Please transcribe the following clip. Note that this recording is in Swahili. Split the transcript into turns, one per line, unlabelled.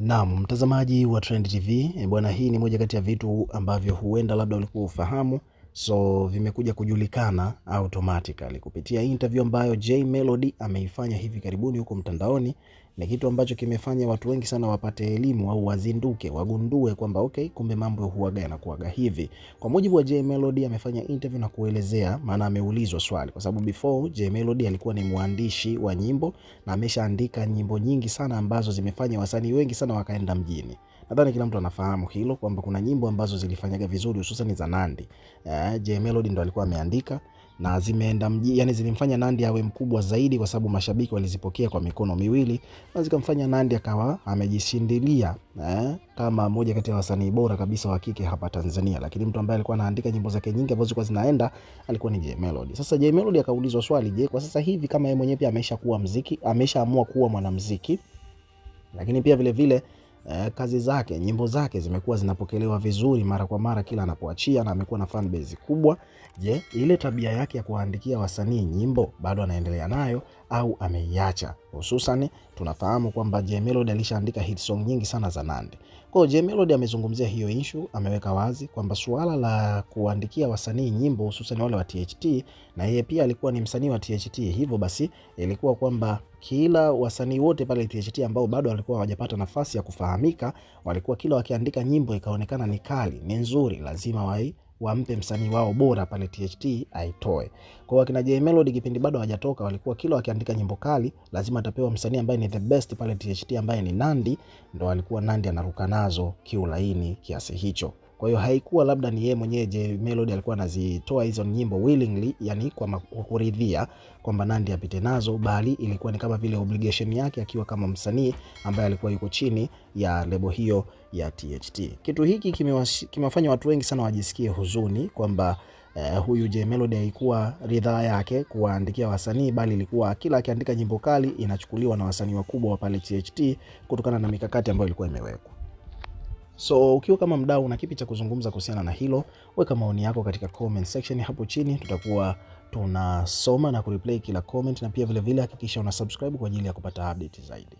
Naam, mtazamaji wa Trend TV, eh, bwana, hii ni moja kati ya vitu ambavyo huenda labda ulikuwa ufahamu So vimekuja kujulikana automatically kupitia interview ambayo Jay Melody ameifanya hivi karibuni huko mtandaoni. Ni kitu ambacho kimefanya watu wengi sana wapate elimu au wazinduke, wagundue kwamba okay, kumbe mambo huaga yanakuaga hivi. Kwa mujibu wa Jay Melody, amefanya interview na kuelezea, maana ameulizwa swali, kwa sababu before Jay Melody alikuwa ni mwandishi wa nyimbo na ameshaandika nyimbo nyingi sana ambazo zimefanya wasanii wengi sana wakaenda mjini. Nadhani kila mtu anafahamu hilo kwamba kuna nyimbo ambazo zilifanyaga vizuri hususan za Nandi. Eh, J Melody ndo alikuwa ameandika na zimeenda mji, yani zilimfanya Nandi awe mkubwa zaidi kwa sababu mashabiki walizipokea kwa mikono miwili na zikamfanya Nandi akawa amejishindilia eh, kama moja kati ya wasanii bora kabisa wa kike hapa Tanzania. Lakini mtu ambaye alikuwa anaandika nyimbo zake nyingi ambazo zilikuwa zinaenda alikuwa ni Jay Melody. Sasa Jay Melody akaulizwa swali, je, kwa sasa hivi kama yeye mwenyewe pia ameshakuwa mziki, ameshaamua kuwa mwanamziki, lakini pia vile vile eh, kazi zake, nyimbo zake zimekuwa zinapokelewa vizuri mara kwa mara kila anapoachia, na amekuwa na fan base kubwa. Je, ile tabia yake ya kuwaandikia wasanii nyimbo bado anaendelea nayo au ameiacha? Hususan tunafahamu kwamba Jay Melody alishaandika hit song nyingi sana za Nandy. Kwa hiyo Jay Melody amezungumzia hiyo issue, ameweka wazi kwamba suala la kuandikia wasanii nyimbo hususan wale wa THT, na yeye pia alikuwa ni msanii wa THT, hivyo basi ilikuwa kwamba kila wasanii wote pale THT ambao bado walikuwa hawajapata nafasi ya kufahamika, walikuwa kila wakiandika nyimbo ikaonekana ni kali, ni nzuri, lazima wai wampe msanii wao bora pale THT aitoe. Kwa hiyo akina Jay Melody kipindi bado hawajatoka walikuwa kila wakiandika nyimbo kali lazima atapewa msanii ambaye ni the best pale THT ambaye ni Nandy, ndo alikuwa Nandy anaruka nazo kiulaini kiasi hicho. Kwa hiyo haikuwa labda ni yeye mwenyewe Jay Melody alikuwa anazitoa hizo nyimbo willingly, yani kwa kuridhia kwamba Nandy apite nazo, bali ilikuwa ni kama vile obligation yake akiwa kama msanii ambaye alikuwa yuko chini ya lebo hiyo ya THT. Kitu hiki kimewafanya watu wengi sana wajisikie huzuni kwamba Uh, huyu Jay Melody haikuwa ridhaa yake kuwaandikia wasanii, bali ilikuwa kila akiandika nyimbo kali inachukuliwa na wasanii wakubwa wa pale THT kutokana na mikakati ambayo ilikuwa imewekwa. So ukiwa kama mdau una kipi cha kuzungumza kuhusiana na hilo, weka maoni yako katika comment section hapo chini, tutakuwa tunasoma na kureplay kila comment, na pia vilevile hakikisha una subscribe kwa ajili ya kupata update zaidi.